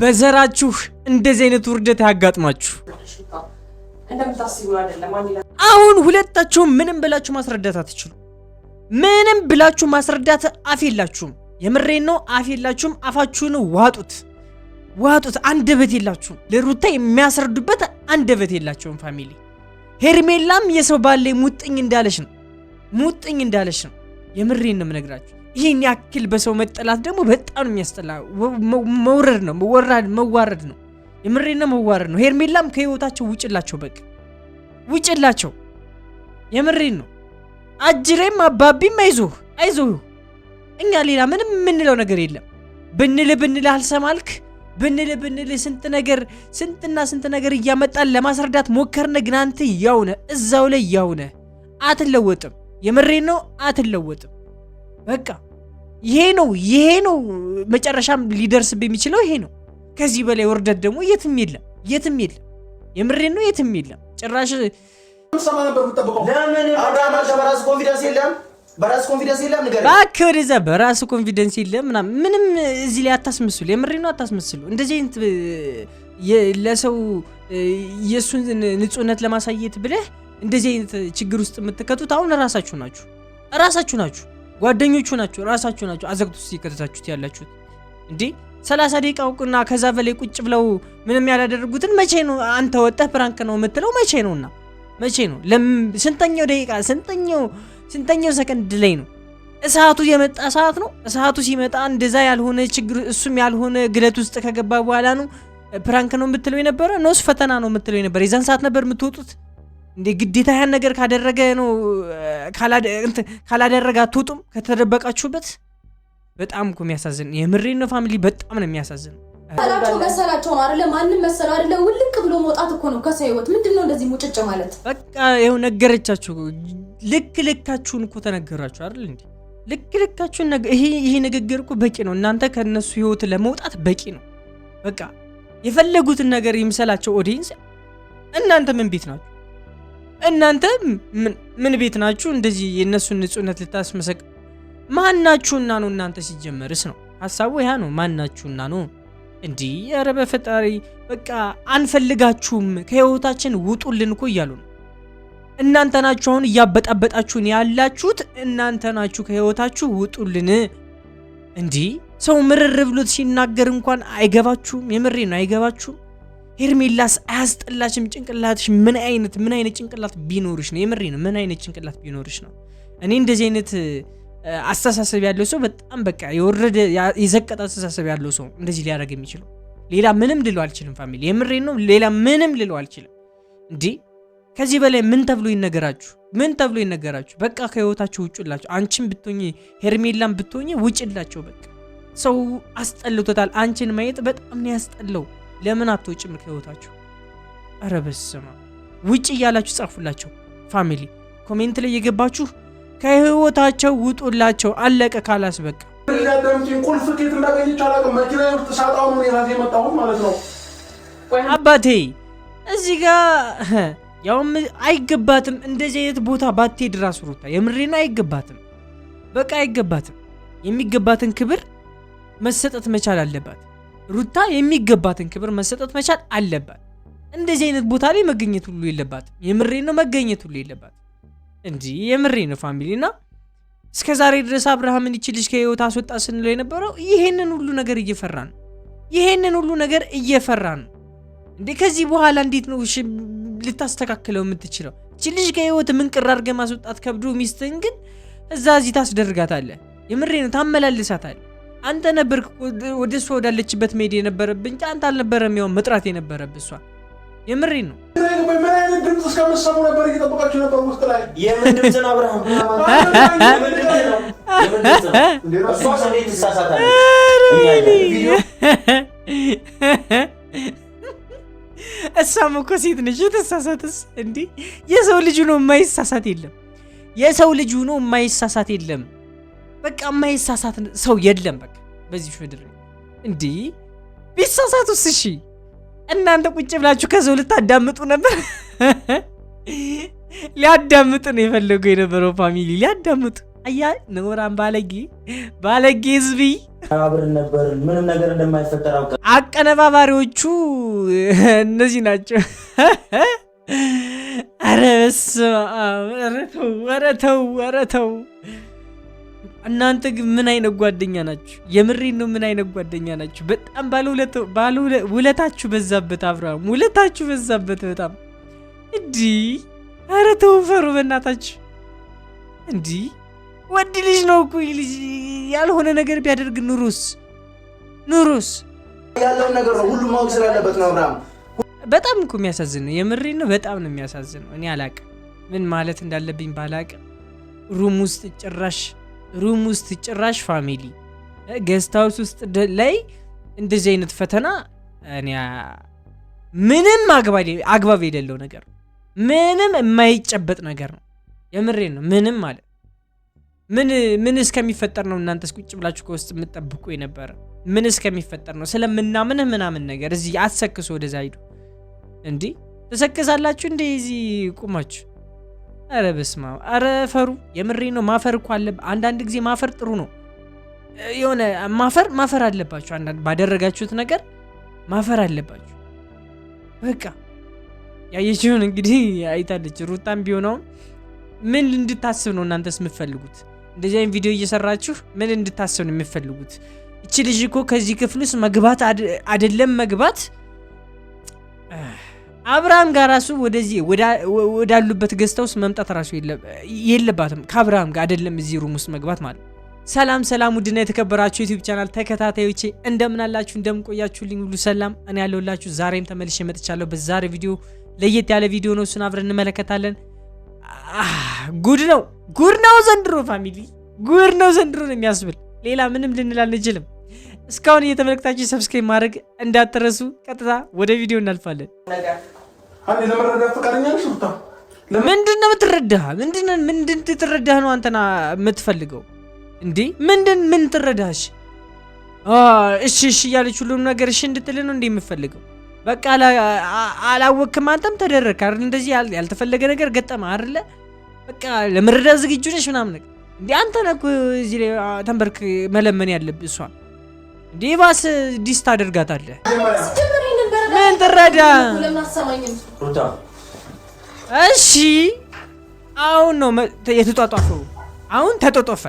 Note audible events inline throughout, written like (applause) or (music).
በዘራችሁ እንደዚህ አይነት ውርደት ያጋጥማችሁ። አሁን ሁለታችሁም ምንም ብላችሁ ማስረዳት አትችሉ። ምንም ብላችሁ ማስረዳት አፍ የላችሁም። የምሬን ነው፣ አፍ የላችሁም። አፋችሁን ዋጡት ዋጡት። አንደበት የላችሁም። ለሩታ የሚያስረዱበት አንደበት የላቸውም። ፋሚሊ ሄርሜላም የሰው ባለ ሙጥኝ እንዳለች ነው ሙጥኝ እንዳለች ነው። የምሬን ነው የምነግራችሁ። ይህን ያክል በሰው መጠላት ደግሞ በጣም የሚያስጠላ መውረድ ነው፣ መዋረድ ነው። የምሬና መዋረድ ነው። ሄርሜላም ከህይወታቸው ውጭላቸው፣ በቃ ውጭላቸው። የምሬን ነው። አጅሬም አባቢም አይዞህ አይዞህ። እኛ ሌላ ምንም የምንለው ነገር የለም። ብንል ብንል አልሰማልክ ብንል ብንል ስንት ነገር ስንትና ስንት ነገር እያመጣን ለማስረዳት ሞከርነ። ግን አንተ ያው እዛው ላይ ያው አትለወጥም። የምሬን ነው። አትለወጥም በቃ ይሄ ነው ይሄ ነው መጨረሻም ሊደርስብህ የሚችለው ይሄ ነው። ከዚህ በላይ ወርደት ደግሞ የትም የለም የትም የለም። የምሬን ነው የትም የለም። ጭራሽ በራስ ኮንፊደንስ የለም በራስ ኮንፊደንስ የለም ምናምን ምንም እዚህ ላይ አታስመስሉ። የምሬ ነው አታስመስሉ። እንደዚህ አይነት ለሰው የእሱን ንጹህነት ለማሳየት ብለህ እንደዚህ አይነት ችግር ውስጥ የምትከቱት አሁን ራሳችሁ ናችሁ፣ ራሳችሁ ናችሁ። ጓደኞቹ ናቸው፣ ራሳችሁ ናቸው አዘግቶ ውስጥ ያላችሁት እንዴ። ሰላሳ ደቂቃውና ከዛ በላይ ቁጭ ብለው ምንም ያላደረጉትን መቼ ነው አንተ ወጠህ ፕራንክ ነው የምትለው? መቼ ነውና መቼ ነው? ስንተኛው ደቂቃ ስንተኛው ስንተኛው ሰከንድ ላይ ነው? እሳቱ የመጣ ሰዓት ነው። እሳቱ ሲመጣ እንደዛ ያልሆነ ችግር እሱም ያልሆነ ግለት ውስጥ ከገባ በኋላ ነው ፕራንክ ነው የምትለው የነበረ። ኖስ ፈተና ነው የምትለው የነበረ። የዛን ሰዓት ነበር የምትወጡት እንዴ ግዴታ ያን ነገር ካደረገ ነው ካላደረገ አትወጡም ከተደበቃችሁበት። በጣም እኮ የሚያሳዝን የምሬን ነው ፋሚሊ፣ በጣም ነው የሚያሳዝን። ሰላቸው መሰላቸው ነው አይደለ? ማንም መሰል አይደለ? ውልቅ ብሎ መውጣት እኮ ነው ከሰው ህይወት። ምንድን ነው እንደዚህ ሙጭጭ ማለት? በቃ ይኸው ነገረቻችሁ። ልክ ልካችሁን እኮ ተነገራችሁ አይደል እንዴ? ልክ ልካችሁን። ይሄ ንግግር እኮ በቂ ነው። እናንተ ከነሱ ህይወት ለመውጣት በቂ ነው። በቃ የፈለጉትን ነገር የሚሰላቸው ኦዲየንስ። እናንተ ምን ቤት ናችሁ? እናንተ ምን ቤት ናችሁ? እንደዚህ የእነሱን ንጹህነት ልታስመሰቅ ማናችሁና ነው? እናንተ ሲጀመርስ ነው ሀሳቡ ያ ነው። ማናችሁና ነው? እንዲህ ኧረ በፈጣሪ በቃ አንፈልጋችሁም፣ ከህይወታችን ውጡልን እኮ እያሉ ነው። እናንተ ናችሁ አሁን እያበጣበጣችሁን ያላችሁት፣ እናንተ ናችሁ። ከህይወታችሁ ውጡልን። እንዲህ ሰው ምርር ብሎት ሲናገር እንኳን አይገባችሁም። የምሬ ነው አይገባችሁም። ሄርሜላስ አያስጠላችም? ጭንቅላትሽ ምን አይነት ምን አይነት ጭንቅላት ቢኖርሽ ነው? የምሬ ነው። ምን አይነት ጭንቅላት ቢኖርሽ ነው? እኔ እንደዚህ አይነት አስተሳሰብ ያለው ሰው በጣም በቃ የወረደ የዘቀጠ አስተሳሰብ ያለው ሰው እንደዚህ ሊያደርግ የሚችለው ሌላ ምንም ልለው አልችልም። ፋሚሊ የምሬ ነው። ሌላ ምንም ልለው አልችልም። እንዲህ ከዚህ በላይ ምን ተብሎ ይነገራችሁ? ምን ተብሎ ይነገራችሁ? በቃ ከህይወታችሁ ውጭላችሁ። አንቺን ብትሆኚ ሄርሜላን ብትሆኚ ውጭላቸው። በቃ ሰው አስጠልቶታል። አንቺን ማየት በጣም ነው ያስጠላው። ለምን አትወጭም ከህይወታችሁ? ኧረ በስመ አብ ውጭ እያላችሁ ጻፉላቸው። ፋሚሊ ኮሜንት ላይ የገባችሁ ከህይወታቸው ውጡላቸው። አለቀ ካላስ በቃ ቁልፍ ኬት እንዳገኘች አላውቅም። መኪና ውስጥ የመጣሁት ማለት ነው አባቴ እዚህ ጋር ያውም አይገባትም። እንደዚህ አይነት ቦታ ባትሄድ ራሱ ሩታ የምሬና አይገባትም፣ በቃ አይገባትም። የሚገባትን ክብር መሰጠት መቻል አለባት። ሩታ የሚገባትን ክብር መሰጠት መቻል አለባት። እንደዚህ አይነት ቦታ ላይ መገኘት ሁሉ የለባትም። የምሬ ነው፣ መገኘት ሁሉ የለባትም። እንጂ የምሬ ነው ፋሚሊና እስከ ዛሬ ድረስ አብርሃምን ይች ልጅ ከህይወት አስወጣ ስንለው የነበረው ይሄንን ሁሉ ነገር እየፈራ ነው። ይሄንን ሁሉ ነገር እየፈራ ነው እንዴ! ከዚህ በኋላ እንዴት ነው ልታስተካክለው የምትችለው? እች ልጅ ከህይወት ምንቅር አድርገ ማስወጣት ከብዶ፣ ሚስትን ግን እዛ እዚህ ታስደርጋታለህ። የምሬ ነው ታመላልሳታለህ። አንተ ነበርክ ወደ እሷ ወዳለችበት መሄድ የነበረብኝ አንተ አልነበረም። ይኸው መጥራት የነበረብህ እሷ። የምሬ ነው። ምን አይነት ድምፅ ነበር እየጠበቃችሁ ነበር? ውስጥ ላይ የምን ድምፅ አብርሃም እሷም እኮ ሴት ነች። ተሳሳትስ እንዲህ የሰው ልጅ ሆኖ የማይሳሳት የለም። የሰው ልጅ ሆኖ የማይሳሳት የለም። በቃ የማይሳሳት ሰው የለም። በቃ በዚህ ምድር እንዲህ ቢሳሳቱ ስሺ እናንተ ቁጭ ብላችሁ ከሰው ልታዳምጡ ነበር። (laughs) ሊያዳምጥ ነው የፈለገው የነበረው ፋሚሊ ሊያዳምጡ አያ ነውራን ባለጌ ባለጌ ህዝቢ ምንም ነገር እንደማይፈጠር አቀነባባሪዎቹ እነዚህ ናቸው። ኧረ (laughs) በስመ አብ! ኧረ ተው! ኧረ ተው! ኧረ ተው! እናንተ ግን ምን አይነት ጓደኛ ናችሁ? የምሬን ነው። ምን አይነት ጓደኛ ናችሁ? በጣም ውለታችሁ በዛበት። አብርሃም ውለታችሁ በዛበት በጣም እንዲህ። ኧረ ተው በእናታችሁ። እንዲህ ወድ ልጅ ነው እኮ ልጅ ያልሆነ ነገር ቢያደርግ ኑሮስ ኑሮስ ያለውን ነገር ነው ሁሉ ማወቅ ስላለበት ነው። አብርሃም በጣም እኮ የሚያሳዝን ነው። የምሬን ነው። በጣም ነው የሚያሳዝን ነው። እኔ አላቅም ምን ማለት እንዳለብኝ ባላቅም ሩም ውስጥ ጭራሽ ሩም ውስጥ ጭራሽ ፋሚሊ ገስት ሃውስ ውስጥ ላይ እንደዚህ አይነት ፈተና ምንም አግባብ የሌለው ነገር ነው። ምንም የማይጨበጥ ነገር ነው። የምሬ ነው። ምንም ማለት ምን ምን እስከሚፈጠር ነው እናንተስ ቁጭ ብላችሁ ከውስጥ የምትጠብቁ የነበረ ምን እስከሚፈጠር ነው ስለምናምንህ ምናምን ነገር እዚህ አትሰክሱ። ወደዛ ሂዱ። እንዲህ ተሰክሳላችሁ እንደ እዚህ ቁማችሁ ኧረ በስመ አብ! ፈሩ የምሬ ነው። ማፈር እኮ አለ። አንዳንድ ጊዜ ማፈር ጥሩ ነው። የሆነ ማፈር ማፈር አለባችሁ። አንዳንድ ባደረጋችሁት ነገር ማፈር አለባችሁ። በቃ ያየችውን እንግዲህ አይታለች። ሩታም ቢሆነው ምን እንድታስብ ነው እናንተስ የምትፈልጉት? እንደዚህ አይነት ቪዲዮ እየሰራችሁ ምን እንድታስብ ነው የምትፈልጉት? እቺ ልጅ እኮ ከዚህ ክፍል ውስጥ መግባት አይደለም መግባት አብርሃም ጋር ራሱ ወደዚህ ወዳሉበት ገዝታ ውስጥ መምጣት ራሱ የለባትም። ከአብርሃም ጋር አይደለም እዚህ ሩም ውስጥ መግባት ማለት። ሰላም ሰላም፣ ውድና የተከበራችሁ ዩቲዩብ ቻናል ተከታታዮቼ እንደምን አላችሁ? ሁሉ ሰላም፣ እኔ ያለሁላችሁ ዛሬም ተመልሼ መጥቻለሁ። በዛሬ ቪዲዮ ለየት ያለ ቪዲዮ ነው፣ እሱን አብረን እንመለከታለን። ጉድ ነው ጉድ ነው ዘንድሮ ፋሚሊ፣ ጉድ ነው ዘንድሮ ነው የሚያስብል ሌላ ምንም ልንል አንችልም። እስካሁን እየተመለከታችሁ ሰብስክራይብ ማድረግ እንዳትረሱ። ቀጥታ ወደ ቪዲዮ እናልፋለን። ምንድን ነው የምትረዳ? ምንድን ትረዳህ ነው አንተና የምትፈልገው እንዴ? ምንድን ምን ትረዳሽ? እሺ እሺ እያለች ሁሉም ነገር እሺ እንድትል ነው እንዴ የምፈልገው? በቃ አላወቅክም፣ አንተም ተደረግክ አይደል? እንደዚህ ያልተፈለገ ነገር ገጠመ አይደለ? በቃ ለመረዳት ዝግጁ ነሽ ምናምን ነገር እንዴ? አንተ ነህ እኮ እዚህ ላይ ተንበርክ መለመን ያለብህ እሷን ዴባስ ዲስት አድርጋታለ ምን ትረዳ? እሺ አሁን ነው የተጧጧፈው። አሁን ተጧጧፈ።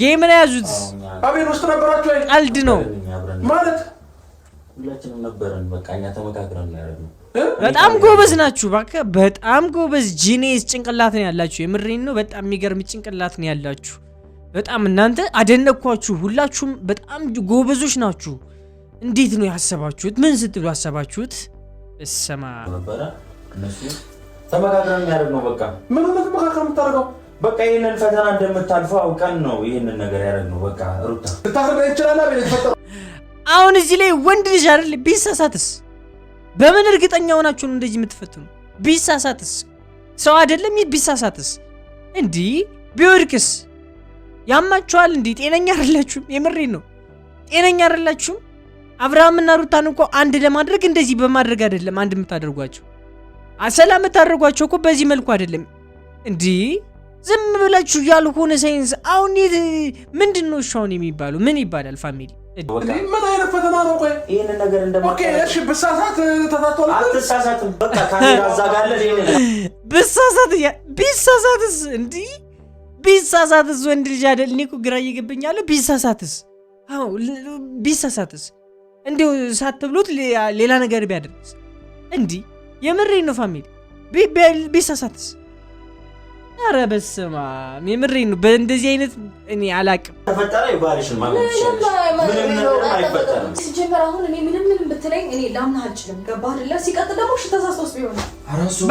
ጌም ነው ያዙት። ቀልድ ነው በጣም ጎበዝ ናችሁ። እባክህ በጣም ጎበዝ ጂኔስ ጭንቅላት ነው ያላችሁ። የምሬን ነው። በጣም የሚገርም ጭንቅላት ነው ያላችሁ። በጣም እናንተ አደነኳችሁ። ሁላችሁም በጣም ጎበዞች ናችሁ። እንዴት ነው ያሰባችሁት? ምን ስትሉ ያሰባችሁት? እሰማ ነበረ ተመካከር ነው። በቃ ምን መካከል የምታደርገው በቃ ይህንን ፈተና እንደምታልፈው አውቀን ነው ይህንን ነገር ነው በቃ ሩታ ልታስረዳ ይችላል። አሁን እዚህ ላይ ወንድ ልጅ አይደል ቢሳሳትስ? በምን እርግጠኛ ሆናችሁ ነው እንደዚህ የምትፈትኑ? ቢሳሳትስ? ሰው አይደለም ይህ ቢሳሳትስ? እንዲህ ቢወድቅስ ያማችኋል። እንዲህ ጤነኛ አይደላችሁም። የምሬ ነው። ጤነኛ አይደላችሁም። አብርሃምና ሩታን እኮ አንድ ለማድረግ እንደዚህ በማድረግ አይደለም አንድ የምታደርጓቸው አሰላ የምታደርጓቸው እኮ በዚህ መልኩ አይደለም። እንዲህ ዝም ብላችሁ ያልሆነ ሳይንስ አሁን ምንድን ነው ሻውን የሚባሉ ምን ይባላል? ፋሚሊ ምን አይነት ፈተና ነው? ቆይ ይህን ነገር ብሳሳት ተታቶልአትሳሳት ብሳሳት ብሳሳትስ እንዲህ ቢሳሳትስ? ወንድ ልጅ አይደል? እኔ እኮ ግራ እየገባኛል። ቢሳሳትስ? አዎ ቢሳሳትስ? እንዲሁ ሳትብሉት ሌላ ነገር ቢያደርግስ? እንዲህ የምሬ ነው ፋሚሊ ቢሳሳትስ? አረ በስመ አብ የምሬ ነው። በእንደዚህ አይነት እኔ አላቅም። ተፈጠረ የባልሽን ማለት ነው።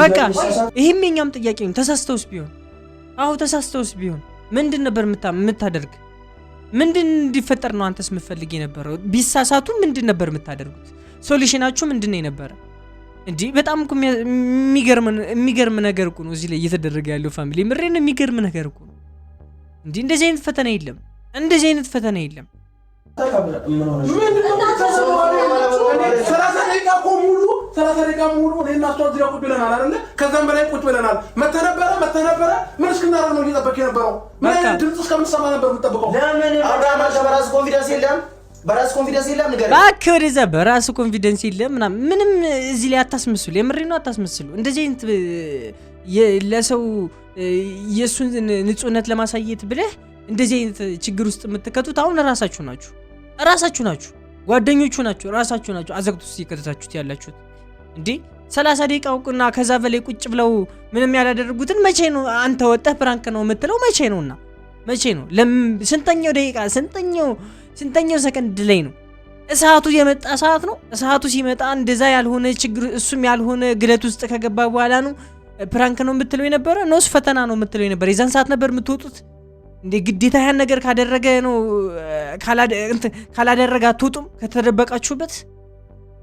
በቃ ይህም የኛም ጥያቄ ነው። ተሳስተውስ ቢሆን አዎ ተሳስተውስ ቢሆን ምንድን ነበር የምታደርግ? ምንድን እንዲፈጠር ነው አንተስ የምትፈልግ የነበረው? ቢሳሳቱ ምንድን ነበር የምታደርጉት? ሶሉሽናችሁ ምንድን ነው የነበረ? እንዲህ በጣም የሚገርም ነገር እኮ ነው እዚህ ላይ እየተደረገ ያለው ፋሚሊ፣ ምሬን የሚገርም ነገር እኮ ነው። እንዲህ እንደዚህ አይነት ፈተና የለም፣ እንደዚህ አይነት ፈተና የለም። ሰላሳ ደቂቃ ሙሉ እኔና እሷ እዚህ ቁጭ ብለናል አይደለ? ከዛም በላይ ቁጭ ብለናል። መተነበረ መተነበረ ምን እስክናደርግ ነው እየጠበክ የነበረው? ምን አይነት ድምፅ እስከምትሰማ ነበር የምትጠብቀው? ለምን በራስ ኮንፊደንስ የለም? በራስ ኮንፊደንስ የለም ንገረኝ እባክህ። ወደዛ በራስ ኮንፊደንስ የለም ምናምን ምንም እዚህ ላይ አታስመስሉ። የምሬ ነው አታስመስሉ። እንደዚህ አይነት ለሰው የእሱን ንጹህነት ለማሳየት ብለህ እንደዚህ አይነት ችግር ውስጥ የምትከቱት አሁን ራሳችሁ ናችሁ፣ ራሳችሁ ናችሁ፣ ጓደኞቹ ናችሁ፣ ራሳችሁ ናችሁ አዘግቶ ውስጥ የከተታችሁት ያላችሁት እንዲህ ሰላሳ ደቂቃ አውቁና ከዛ በላይ ቁጭ ብለው ምንም ያላደረጉትን መቼ ነው አንተ ወጠህ ፕራንክ ነው የምትለው? መቼ ነውና መቼ ነው? ስንተኛው ደቂቃ ስንተኛው ስንተኛው ሰከንድ ላይ ነው? እሳቱ የመጣ ሰዓት ነው። እሳቱ ሲመጣ እንደዛ ያልሆነ ችግር እሱም ያልሆነ ግለት ውስጥ ከገባ በኋላ ነው ፕራንክ ነው የምትለው የነበረ ነውስ ፈተና ነው የምትለው የነበረ? የዛን ሰዓት ነበር የምትወጡት እንዴ? ግዴታ ያን ነገር ካደረገ ነው ካላደረገ አትወጡም ከተደበቃችሁበት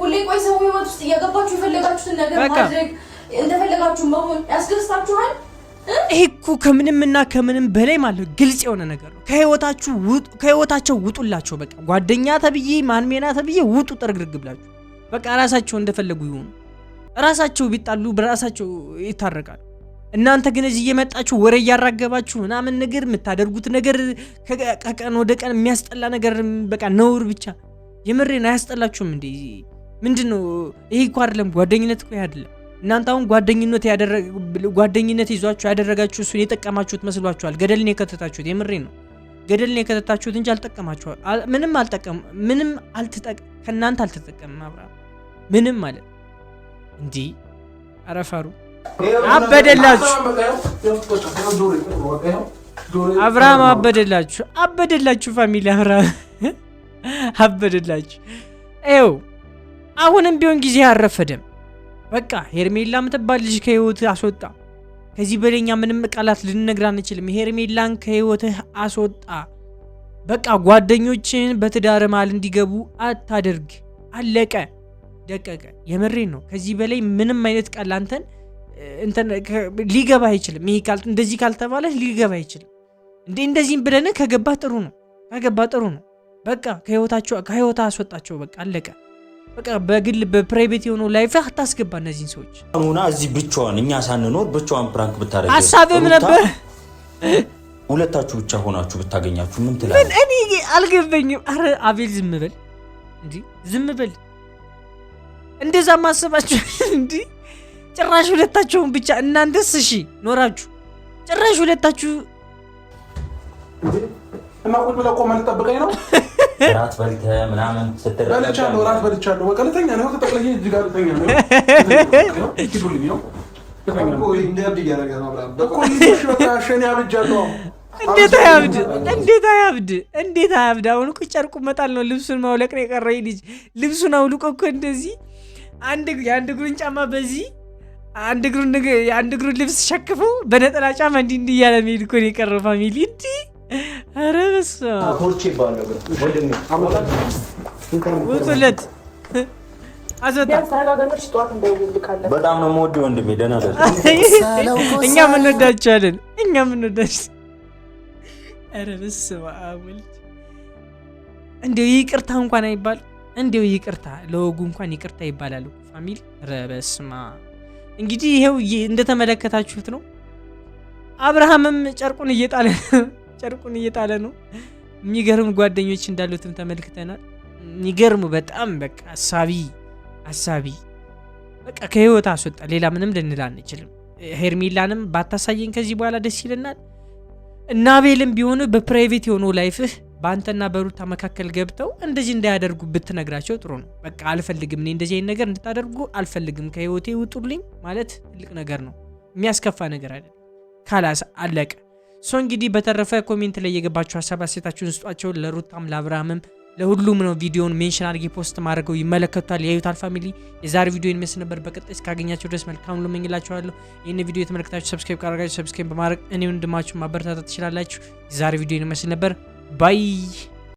ሁሌ ቆይ ሰው ህይወት ውስጥ እየገባችሁ የፈለጋችሁትን ነገር ማድረግ እንደፈለጋችሁ መሆን ያስደስታችኋል። ይሄ እኮ እና ከምንም በላይ ማለት ግልጽ የሆነ ነገር ነው። ከህይወታችሁ ከህይወታቸው ውጡላቸው። በቃ ጓደኛ ተብዬ ማንሜና ተብዬ ውጡ ጥርግርግ ብላችሁ በቃ ራሳቸው እንደፈለጉ ይሆኑ። ራሳቸው ቢጣሉ በራሳቸው ይታረቃሉ። እናንተ ግን እዚህ እየመጣችሁ ወሬ እያራገባችሁ ምናምን ነገር የምታደርጉት ነገር ከቀን ወደ ቀን የሚያስጠላ ነገር በቃ ነውር ብቻ የምሬን አያስጠላችሁም እንዴ? ምንድን ነው ይሄ? እኮ አይደለም ጓደኝነት እኮ አይደለም። እናንተ አሁን ጓደኝነት ጓደኝነት ይዟችሁ ያደረጋችሁ እሱን የጠቀማችሁት መስሏችኋል። ገደልን የከተታችሁት የምሬ ነው። ገደልን የከተታችሁት እንጂ አልጠቀማችኋል ምንም አልጠቀም ምንም አልተጠቀም ከእናንተ አልተጠቀምም። አብርሃም ምንም ማለት እንዲህ አረፋሩ አበደላችሁ። አብርሃም አበደላችሁ፣ አበደላችሁ ፋሚሊ አብርሃም አበደላችሁ። ይኸው አሁንም ቢሆን ጊዜ አረፈደም። በቃ ሄርሜላ የምትባል ልጅ ከህይወት አስወጣ። ከዚህ በላይ እኛ ምንም ቃላት ልንነግር አንችልም። ሄርሜላን ከህይወትህ አስወጣ። በቃ ጓደኞችን በትዳር መሃል እንዲገቡ አታደርግ። አለቀ ደቀቀ። የምሬን ነው። ከዚህ በላይ ምንም አይነት ቃል አንተን ሊገባ አይችልም። ይሄ እንደዚህ ካልተባለ ሊገባ አይችልም። እንዴ እንደዚህም ብለን ከገባ ጥሩ ነው። ከገባ ጥሩ ነው። በቃ ከህይወታቸው ከህይወታ አስወጣቸው። በቃ አለቀ። በቃ በግል በፕራይቬት የሆኑ ላይፍ አታስገባ እነዚህን ሰዎች። ሆና እዚህ ብቻዋን እኛ ሳንኖር ብቻዋን ፕራንክ ብታደረግ ሀሳብም ነበር። ሁለታችሁ ብቻ ሆናችሁ ብታገኛችሁ ምን ትላለህ? እኔ አልገበኝም። አረ አቤል ዝም በል እንዲ ዝም በል እንደዛ ማሰባችሁ (laughs) እንዲ ጭራሽ ሁለታችሁን ብቻ እናንተስ? እሺ ኖራችሁ ጭራሽ ሁለታችሁ እማቁጭ ብለህ ቆመህ ልጠብቀኝ ነው (laughs) እራት በልተህ ምናምን በልቻለሁ፣ እራት በልቻለሁ። በቃ ልተኛ ነው። እጅ ጋር ልተኛ ነው። እንዴት አያብድ! እንዴት አያብድ! አሁን እኮ መጣል ነው። ልብሱን ማውለቅ ነው የቀረኝ። ልጅ ልብሱን አውልቆ እኮ እንደዚህ የአንድ እግሩን ጫማ በዚህ እግሩን ልብስ ሸክፎ በነጠላ ጫማ እንዲህ እንዲህ እያለ መሄድ እኮ ነው የቀረው ፋሚሊ እንዲህ ኧረ በስመ አብ ውጡለት። በጣም ነው የምወደው ወንድሜ። ደህና እኛ እኛ ኧረ በስመ አብ ወልድ። ይቅርታ እንኳን አይባል ይቅርታ ለወጉ እንኳን ይቅርታ ይባላል። ፋሚል እንግዲህ ይሄው እንደተመለከታችሁት ነው። አብርሃምም ጨርቁን እየጣለ ጨርቁን እየጣለ ነው። የሚገርም ጓደኞች እንዳሉትም ተመልክተናል። የሚገርሙ በጣም በቃ አሳቢ አሳቢ በቃ ከህይወት አስወጣ። ሌላ ምንም ልንል አንችልም። ሄርሜላንም ባታሳየን ከዚህ በኋላ ደስ ይለናል። እና ቤልም ቢሆኑ በፕራይቬት የሆነው ላይፍህ በአንተና በሩታ መካከል ገብተው እንደዚህ እንዳያደርጉ ብትነግራቸው ጥሩ ነው። በቃ አልፈልግም፣ እኔ እንደዚህ አይነት ነገር እንድታደርጉ አልፈልግም፣ ከህይወቴ ውጡልኝ ማለት ትልቅ ነገር ነው። የሚያስከፋ ነገር አይደለም። ካላስ አለቀ። ሶ እንግዲህ በተረፈ ኮሜንት ላይ የገባቸው ሀሳብ አስተያየታችሁን ስጧቸው። ለሩታም ለአብርሃምም ለሁሉም ነው። ቪዲዮውን ሜንሽን አድርጌ ፖስት ማድረገው ይመለከቱታል፣ ያዩታል። ፋሚሊ የዛሬ ቪዲዮ ይመስል ነበር። በቀጣይ እስካገኛቸው ድረስ መልካም ሁሉ እመኝላችኋለሁ። ይህን ቪዲዮ የተመለከታችሁ ሰብስክራይብ ካደረጋችሁ ሰብስክራይብ በማድረግ እኔ ወንድማችሁ ማበረታታት ትችላላችሁ። የዛሬ ቪዲዮ ይመስል ነበር። ባይ